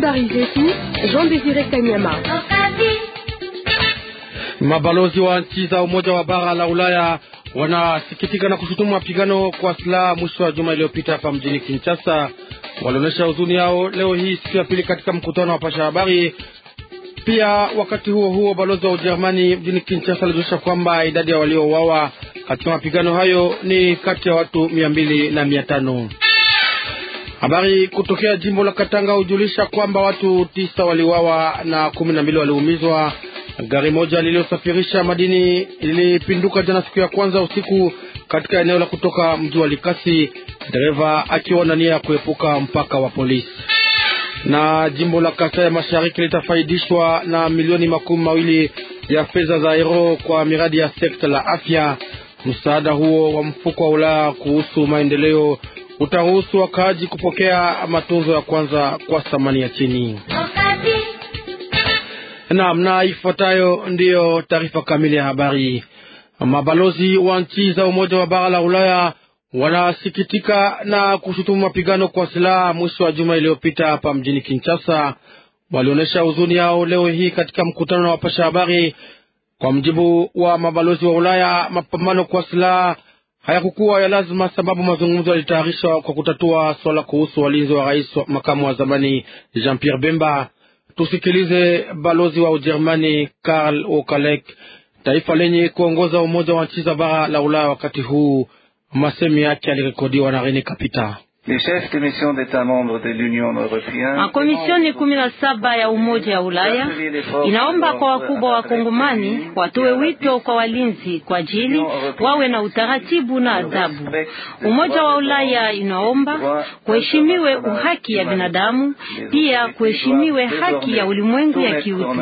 Habari zetu Jean Desire Kanyama. Mabalozi wa nchi za Umoja wa Bara la Ulaya wanasikitika na kushutumu mapigano kwa silaha mwisho wa juma iliyopita hapa mjini Kinshasa. Walionyesha huzuni yao leo hii siku ya pili katika mkutano wa pasha habari. Pia wakati huo huo, balozi wa Ujerumani mjini Kinshasa alijulisha kwamba idadi ya waliouawa katika mapigano hayo ni kati ya watu mia mbili na mia tano. Habari kutokea jimbo la Katanga hujulisha kwamba watu tisa waliwawa na kumi na mbili waliumizwa. Gari moja lililosafirisha madini lilipinduka jana siku ya kwanza usiku katika eneo la kutoka mji wa Likasi, dereva akiwa na nia ya kuepuka mpaka wa polisi. Na jimbo la Kasai ya Mashariki litafaidishwa na milioni makumi mawili ya fedha za euro kwa miradi ya sekta la afya. Msaada huo wa mfuko wa Ulaya kuhusu maendeleo utaruhusu wakaaji kupokea matunzo ya kwanza kwa thamani ya chini. Naam, na ifuatayo ndiyo taarifa kamili ya habari. Mabalozi wa nchi za Umoja wa Bara la Ulaya wanasikitika na kushutumu mapigano kwa silaha mwisho wa juma iliyopita hapa mjini Kinshasa. Walionyesha huzuni yao leo hii katika mkutano na wapasha habari. Kwa mjibu wa mabalozi wa Ulaya, mapambano kwa silaha hayakukuwa ya lazima, sababu mazungumzo yalitayarishwa kwa kutatua swala kuhusu walinzi wa rais makamu wa zamani Jean Pierre Bemba. Tusikilize balozi wa Ujerumani Karl Okalek, taifa lenye kuongoza umoja wa nchi za bara la Ulaya wakati huu. Masemi yake yalirekodiwa na Rene Kapita. Makomisioni kumi na saba ya Umoja wa Ulaya inaomba kwa wakubwa wa Kongomani watoe wito kwa walinzi kwa ajili wawe na utaratibu na adabu. Umoja wa Ulaya inaomba kuheshimiwe uhaki ya binadamu, pia kuheshimiwe haki ya ulimwengu ya kiutu.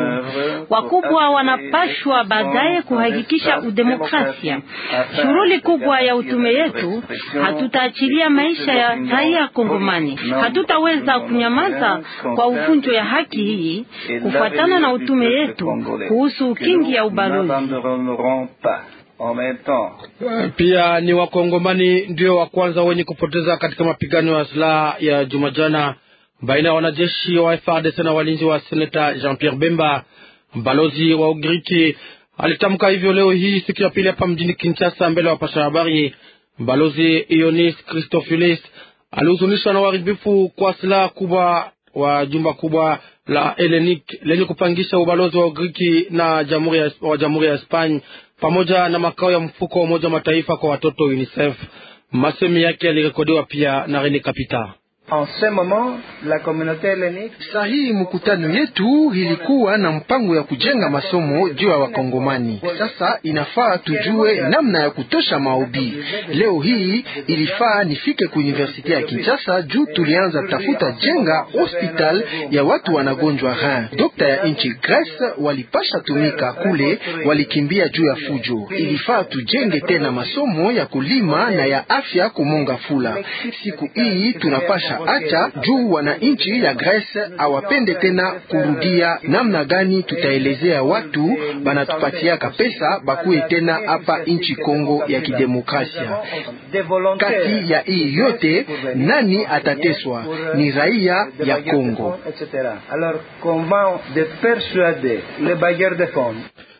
Wakubwa wanapashwa baadaye kuhakikisha udemokrasia. Shughuli kubwa ya utume yetu, hatutaachilia maisha ya raia Kongomani. Hatutaweza kunyamaza kwa uvunjo ya haki hii kufuatana na utume yetu kuhusu ukingi ya ubalozi. Pia ni Wakongomani ndio wa kwanza wenye kupoteza katika mapigano ya silaha ya jumajana baina ya wanajeshi wa FARDC na walinzi wa seneta Jean Pierre Bemba. Balozi wa Ugiriki alitamka hivyo leo hii siku ya pili hapa mjini Kinshasa, mbele ya wapasha habari. Balozi Ionis Christofilis alihuzunishwa na uharibifu kwa silaha kubwa wa jumba kubwa la Elenik lenye kupangisha ubalozi wa Ugiriki na jamhuri wa jamhuri ya Hispania pamoja na makao ya mfuko wa Umoja wa Mataifa kwa watoto UNICEF. Masemi yake yalirekodiwa pia na Rene Kapita. Sahi mkutano yetu ilikuwa na mpango ya kujenga masomo juu ya Wakongomani. Sasa inafaa tujue namna ya kutosha maobi. Leo hii ilifaa nifike ku universite ya Kinshasa juu tulianza tafuta jenga hospital ya watu wanagonjwa rein. Dokta ya nchi Grace walipasha tumika kule, walikimbia juu ya fujo. Ilifaa tujenge tena masomo ya kulima na ya afya kumonga fula. Siku hii tunapasha acha juu wananchi ya Grese awapende tena kurudia. Namna gani tutaelezea watu banatupatiaka pesa bakuye tena hapa nchi Kongo ya Kidemokrasia? Kati ya hii yote nani atateswa? Ni raia ya Kongo.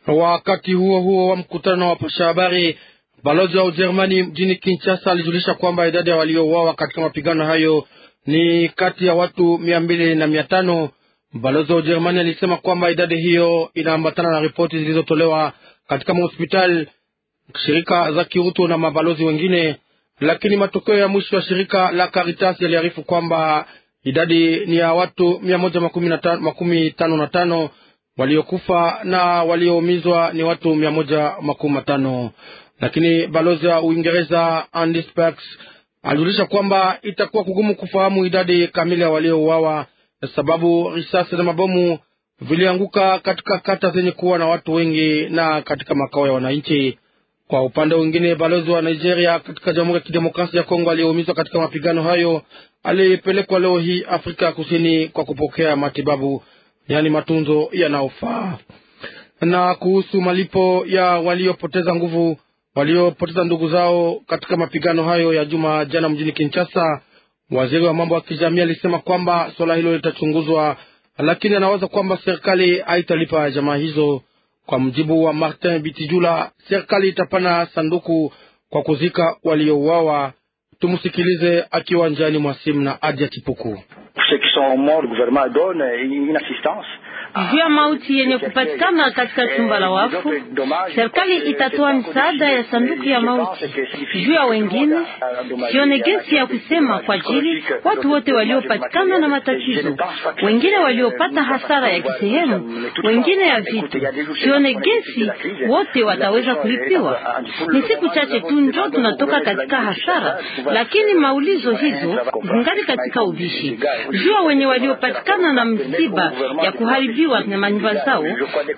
Wakati huo huo wa mkutano na wapasha habari, balozi wa Ujerumani mjini Kinshasa alijulisha kwamba idadi ya waliouawa katika mapigano hayo ni kati ya watu mia mbili na mia tano. Balozi wa Ujerumani alisema kwamba idadi hiyo inaambatana na ripoti zilizotolewa katika mahospitali, shirika za kiutu na mabalozi wengine, lakini matokeo ya mwisho ya shirika la Caritas yaliarifu kwamba idadi ni ya watu mia moja makumi tano na tano waliokufa na walioumizwa ni watu mia moja makumi matano lakini balozi wa Uingereza Andy Sparks Alijulisha kwamba itakuwa kugumu kufahamu idadi kamili ya waliouawa, sababu risasi na mabomu vilianguka katika kata zenye kuwa na watu wengi na katika makao ya wananchi. Kwa upande mwingine, balozi wa Nigeria katika Jamhuri ya Kidemokrasia ya Kongo aliyeumizwa katika mapigano hayo alipelekwa leo hii Afrika ya Kusini kwa kupokea matibabu, yaani matunzo yanayofaa. Na kuhusu malipo ya waliopoteza nguvu, waliopoteza ndugu zao katika mapigano hayo ya juma jana mjini Kinshasa. Waziri wa mambo ya kijamii alisema kwamba suala hilo litachunguzwa, lakini anawaza kwamba serikali haitalipa jamaa hizo. Kwa mjibu wa Martin Bitijula, serikali itapana sanduku kwa kuzika waliouawa. Tumsikilize akiwa njiani mwa simu na Adia Chipuku juu ya mauti yenye kupatikana katika chumba la wafu, serikali itatoa msaada ya sanduku ya mauti. Juu ya wengine, sione gesi ya kusema kwa ajili watu wote waliopatikana na matatizo, wengine waliopata hasara ya kisehemu, wengine ya vitu, sione gesi wote wataweza kulipiwa. Ni siku chache tu njo tunatoka katika hasara, lakini maulizo hizo zingali katika ubishi juu wenye waliopatikana na msiba ya kuharibiwa na manyumba zao.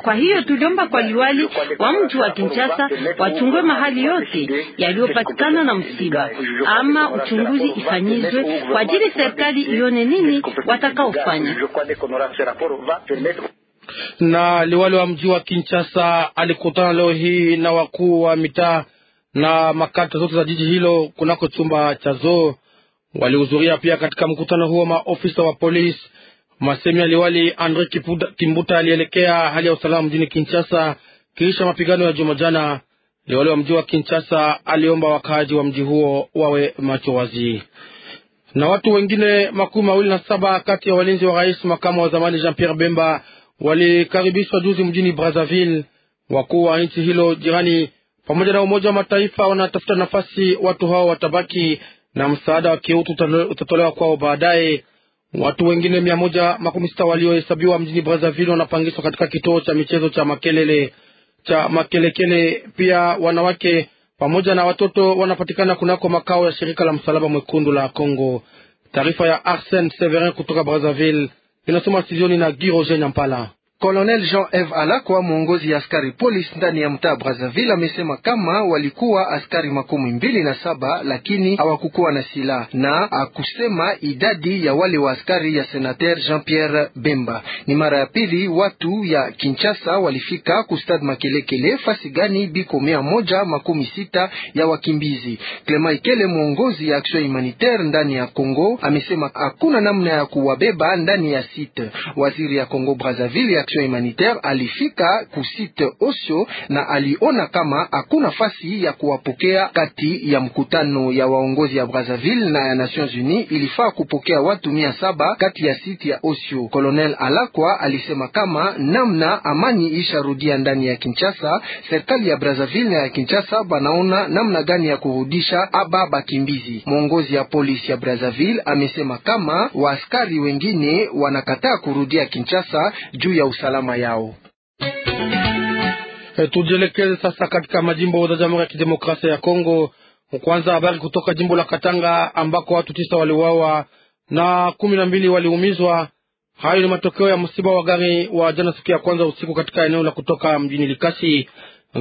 Kwa hiyo tuliomba kwa liwali wa mji wa Kinshasa wachungue mahali yote yaliyopatikana na msiba, ama uchunguzi ifanyizwe kwa ajili serikali ione nini watakaofanya na liwali wa mji wa Kinshasa alikutana leo hii na wakuu wa mitaa na makata zote za jiji hilo kunako chumba cha zoo Walihudhuria pia katika mkutano huo maofisa wa polisi. Masemi aliwali liwali Andre Kimbuta alielekea hali ya usalama mjini Kinshasa kisha mapigano ya juma jana. Liwali wa mji wa Kinshasa aliomba wakaaji wa mji huo wawe macho wazi. Na watu wengine makumi mawili na saba kati ya walinzi wa rais makamu wa zamani Jean Pierre Bemba walikaribishwa juzi mjini Brazzaville. Wakuu wa nchi hilo jirani pamoja na Umoja wa Mataifa wanatafuta nafasi watu hao watabaki na msaada wa kiutu utatolewa kwao baadaye. Watu wengine mia moja makumi sita waliohesabiwa mjini Brazzaville wanapangishwa katika kituo cha michezo cha Makelele cha Makelekele. Pia wanawake pamoja na watoto wanapatikana kunako makao ya shirika la Msalaba Mwekundu la congo Taarifa ya Arsen Severin kutoka Brazzaville inasoma studioni na Giroje Nyampala. Colonel Jean-Eve Alakwa, mwongozi ya askari polisi ndani ya mtaa Brazzaville, amesema kama walikuwa askari makumi mbili na saba lakini hawakukuwa na silaha, na akusema idadi ya wale wa askari ya senateur Jean-Pierre Bemba. Ni mara ya pili watu ya Kinshasa walifika kustad Makelekele, fasi gani biko mia moja makumi sita ya wakimbizi. Clement Ikele, mwongozi ya action humanitaire ndani ya Congo, amesema hakuna namna ya kuwabeba ndani ya site. Waziri ya Congo Brazzaville action humanitaire alifika kusite Osyo na aliona kama hakuna fasi ya kuwapokea kati ya mkutano ya waongozi ya Brazzaville na ya Nations Unies ilifaa kupokea watu mia saba kati ya siti ya Osyo. Colonel Alakwa alisema kama namna amani isharudia ndani ya Kinshasa, serikali ya Brazzaville na ya Kinshasa banaona namna gani ya kurudisha aba bakimbizi. Mwongozi ya polisi ya Brazzaville amesema kama waaskari wengine wanakataa kurudia Kinshasa juu ya usalama yao. Eh, tujielekeze sasa katika majimbo za Jamhuri ya Kidemokrasia ya Kongo. Kwanza habari kutoka jimbo la Katanga ambako watu tisa waliuawa na kumi na mbili waliumizwa. Hayo ni matokeo ya msiba wa gari wa jana siku ya kwanza usiku katika eneo la kutoka mjini Likasi.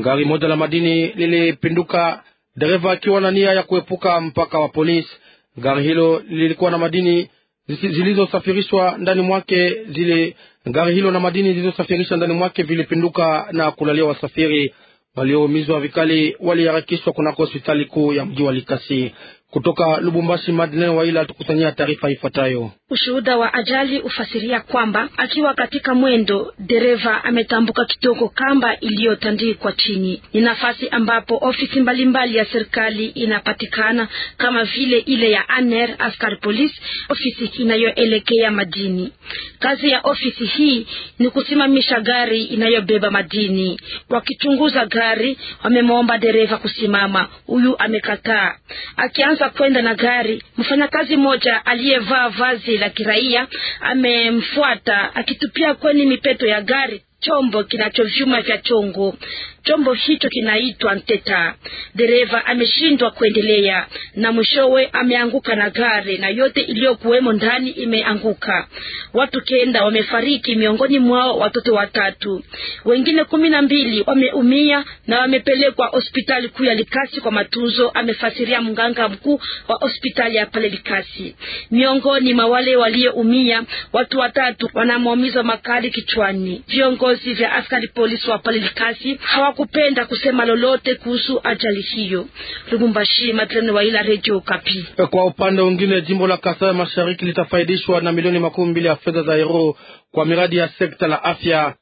Gari moja la madini lilipinduka, dereva akiwa na nia ya kuepuka mpaka wa polisi. Gari hilo lilikuwa na madini zilizosafirishwa ndani mwake zile Gari hilo na madini zilizosafirisha ndani mwake vilipinduka na kulalia wasafiri. Walioumizwa vikali waliharakishwa kunako hospitali kuu ya mji wa Likasi. Kutoka Lubumbashi, madlen Waila tukusanyia taarifa ifuatayo. Ushuhuda wa ajali hufasiria kwamba akiwa katika mwendo, dereva ametambuka kidogo kamba iliyotandikwa chini. Ni nafasi ambapo ofisi mbalimbali mbali ya serikali inapatikana kama vile ile ya ANER, askari polisi, ofisi inayoelekea madini. Kazi ya ofisi hii ni kusimamisha gari inayobeba madini. Wakichunguza gari, wamemwomba dereva kusimama, huyu amekataa. Akianza kwenda na gari, mfanyakazi mmoja aliyevaa vazi la kiraia amemfuata akitupia kweni mipeto ya gari chombo kinachovyuma vya chongo. Chombo hicho kinaitwa nteta. Dereva ameshindwa kuendelea na mwishowe ameanguka na gari na yote iliyokuwemo ndani imeanguka. Watu kenda wamefariki, miongoni mwao watoto watatu. Wengine kumi na mbili wameumia na wamepelekwa hospitali kuu ya Likasi kwa matunzo, amefasiria mganga mkuu wa hospitali ya pale Likasi. Miongoni mwa wale walioumia, watu watatu wana maumizo makali kichwani. Viongozi vya askari polisi wa pale Likasi hawa hawakupenda kusema lolote kuhusu ajali hiyo. Lubumbashi, Madlene Waila, Radio Kapi. Kwa upande mwingine, jimbo la Kasai Mashariki litafaidishwa na milioni makumi mbili ya fedha za euro kwa miradi ya sekta la afya.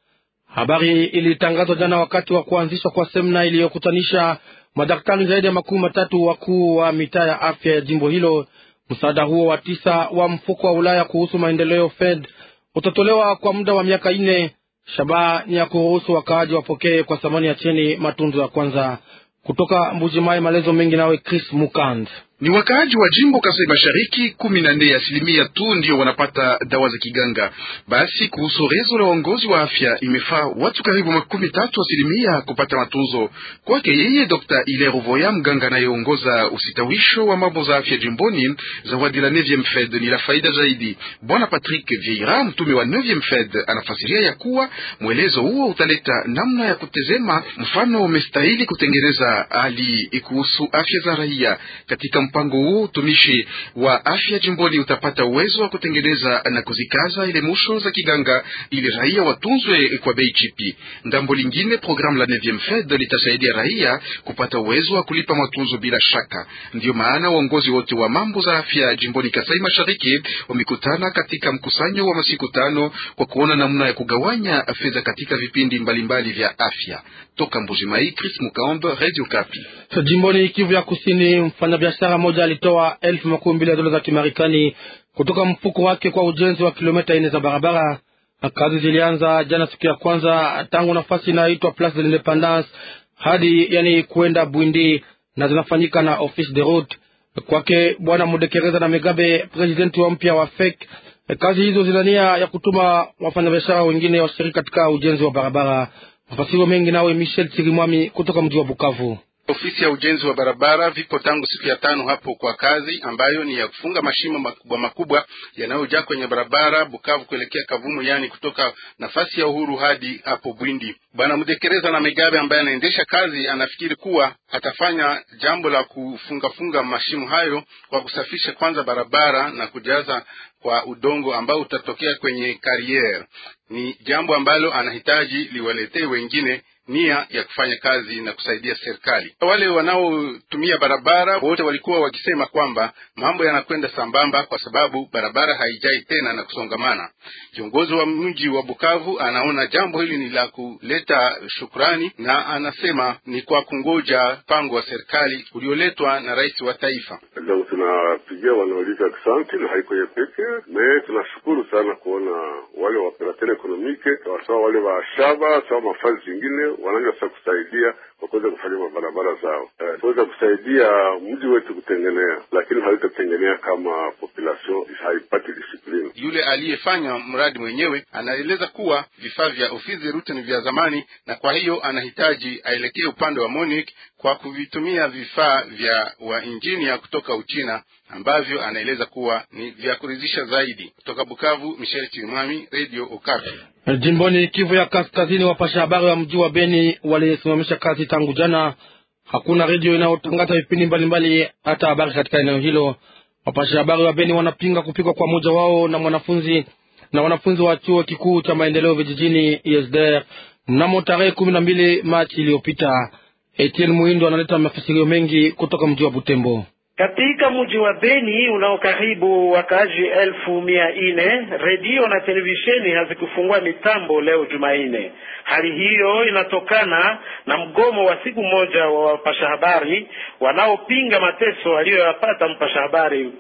Habari ilitangazwa jana wakati wa kuanzishwa kwa semina iliyokutanisha madaktari zaidi ya makumi matatu wakuu wa mitaa ya afya ya jimbo hilo. Msaada huo wa tisa wa mfuko wa Ulaya kuhusu maendeleo Fed utatolewa kwa muda wa miaka nne Shabaha ni ya kuruhusu wakaaji wapokee kwa thamani ya chini matunzo ya kwanza. Kutoka Mbujimai, maelezo mengi nawe Chris Mukand. Ni wakaaji wa jimbo Kasai Mashariki kumi na nne asilimia tu ndio wanapata dawa za kiganga. Basi kuhusu rezo la uongozi wa afya, imefaa watu karibu makumi tatu asilimia kupata matunzo. Kwake yeye Dr Ile Ruvoya, mganga anayeongoza usitawisho wa mambo za afya jimboni, zawadi la 9e Fed ni la faida zaidi. Bwana Patrick Vieira, mtume wa 9e Fed, anafasiria ya kuwa mwelezo huo utaleta namna ya kutezema mfano umestahili kutengeneza hali kuhusu afya za raia katika mpango huu utumishi wa afya jimboni utapata uwezo wa kutengeneza na kuzikaza ile musho za kiganga ili raia watunzwe kwa bei chipi. Ndambo lingine, programu la 9 Fed litasaidia raia kupata uwezo wa kulipa matunzo bila shaka. Ndio maana uongozi wote wa mambo za afya jimboni Kasai Mashariki wamekutana katika mkusanyo wa masiku tano kwa kuona namna ya kugawanya fedha katika vipindi mbalimbali mbali vya afya. Toka Mbujimai, Chris Mukaombe, Radio Kapi, So, jimboni Kivu ya Kusini. Mfanyabiashara kila moja alitoa elfu makumi mbili ya dola za Kimarekani kutoka mfuko wake kwa ujenzi wa kilomita ine za barabara. Kazi zilianza jana siku ya kwanza tangu nafasi inayoitwa Place de l'Independance hadi yani kuenda Bwindi na zinafanyika na Office de Route kwake Bwana Mudekereza na Megabe, presidenti wa mpya wa FEC. Kazi hizo zina nia ya kutuma wafanyabiashara wengine washiriki katika ujenzi wa barabara. Mafasiro mengi nawe Michel Chirimwami kutoka mji wa Bukavu. Ofisi ya ujenzi wa barabara vipo tangu siku ya tano hapo kwa kazi ambayo ni ya kufunga mashimo makubwa makubwa yanayojaa kwenye barabara Bukavu kuelekea Kavumu, yaani kutoka nafasi ya Uhuru hadi hapo Bwindi. Bwana Mdekereza na Megabe ambaye anaendesha kazi anafikiri kuwa atafanya jambo la kufungafunga mashimo hayo kwa kusafisha kwanza barabara na kujaza kwa udongo ambao utatokea kwenye kariere. Ni jambo ambalo anahitaji liwaletee wengine nia ya kufanya kazi na kusaidia serikali. Wale wanaotumia barabara wote walikuwa wakisema kwamba mambo yanakwenda sambamba kwa sababu barabara haijai tena na kusongamana. Kiongozi wa mji wa Bukavu anaona jambo hili ni la kuleta shukrani, na anasema ni kwa kungoja mpango wa serikali ulioletwa na rais wa taifa. Tunapigia wanaolisa asante na haiko ye peke me, tunashukuru sana kuona wale waoperatere ekonomike sawasawa wale wa shaba sawa mafazi zingine wanaweza kusaidia kwa kuweza kufanya mabarabara zao, eh, kuweza kusaidia mji wetu kutengenea, lakini hawitatengenea kama population haipati disiplini. Yule aliyefanya mradi mwenyewe anaeleza kuwa vifaa vya ofisi Ruten vya zamani, na kwa hiyo anahitaji aelekee upande wa Monique kwa kuvitumia vifaa vya wainjinia kutoka Uchina ambavyo anaeleza kuwa ni vya kuridhisha zaidi. Kutoka Bukavu, Michel Chimwami, Radio Okapi. Jimboni Kivu ya Kaskazini, wapasha habari wa mji wa Beni walisimamisha kazi tangu jana. Hakuna redio inayotangaza vipindi mbalimbali hata habari katika eneo hilo. Wapasha habari wa Beni wanapinga kupigwa kwa mmoja wao na mwanafunzi na wanafunzi wa chuo kikuu cha maendeleo vijijini ISDR mnamo tarehe kumi na mbili Machi iliyopita. Etienne Muindo analeta mafasirio mengi kutoka mji wa Butembo. Katika mji wa Beni unaokaribu wakaaji elfu mia nne redio na televisheni hazikufungua mitambo leo Jumanne. Hali hiyo inatokana na mgomo wa siku moja wa wapasha habari wanaopinga mateso aliyoyapata mpasha habari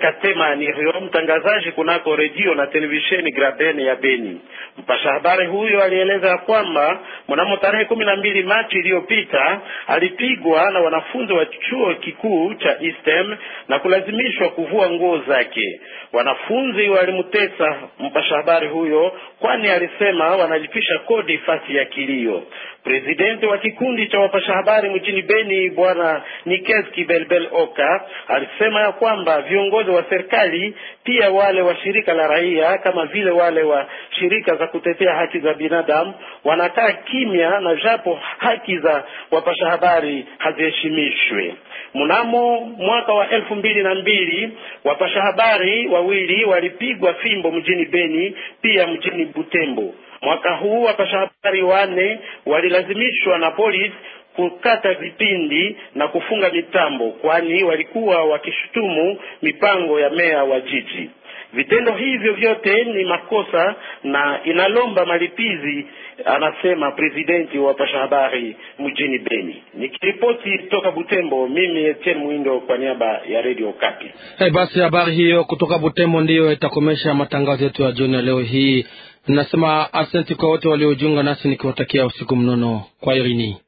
Katema ni huyo mtangazaji kunako redio na televisheni Gradene ya Beni. Mpasha habari huyo alieleza kwamba mnamo tarehe kumi na mbili Machi iliyopita alipigwa na wanafunzi wa chuo kikuu cha Eastem na kulazimishwa kuvua nguo zake. Wanafunzi walimtesa mpasha habari huyo, kwani alisema wanalipisha kodi fasi ya kilio presidenti wa kikundi cha wapasha habari mjini Beni Bwana Nikeski Belbel Oka alisema ya kwamba viongozi wa serikali pia wale wa shirika la raia kama vile wale wa shirika za kutetea haki za binadamu wanakaa kimya, na japo haki za wapasha habari haziheshimishwe. Mnamo mwaka wa elfu mbili na mbili wapasha habari wawili walipigwa fimbo mjini Beni, pia mjini Butembo. Mwaka huu wapashahabari wanne walilazimishwa na polisi kukata vipindi na kufunga mitambo, kwani walikuwa wakishutumu mipango ya meya wa jiji. Vitendo hivyo vyote ni makosa na inalomba malipizi, anasema presidenti wa pasha habari mjini Beni. Nikiripoti toka Butembo, mimi Etienne Mwindo kwa niaba ya Radio Kapi. Hey, eh, basi habari hiyo kutoka Butembo ndiyo itakomesha matangazo yetu ya jioni ya leo hii. Nasema asante kwa wote waliojiunga nasi nikiwatakia usiku mnono. Kwa irini.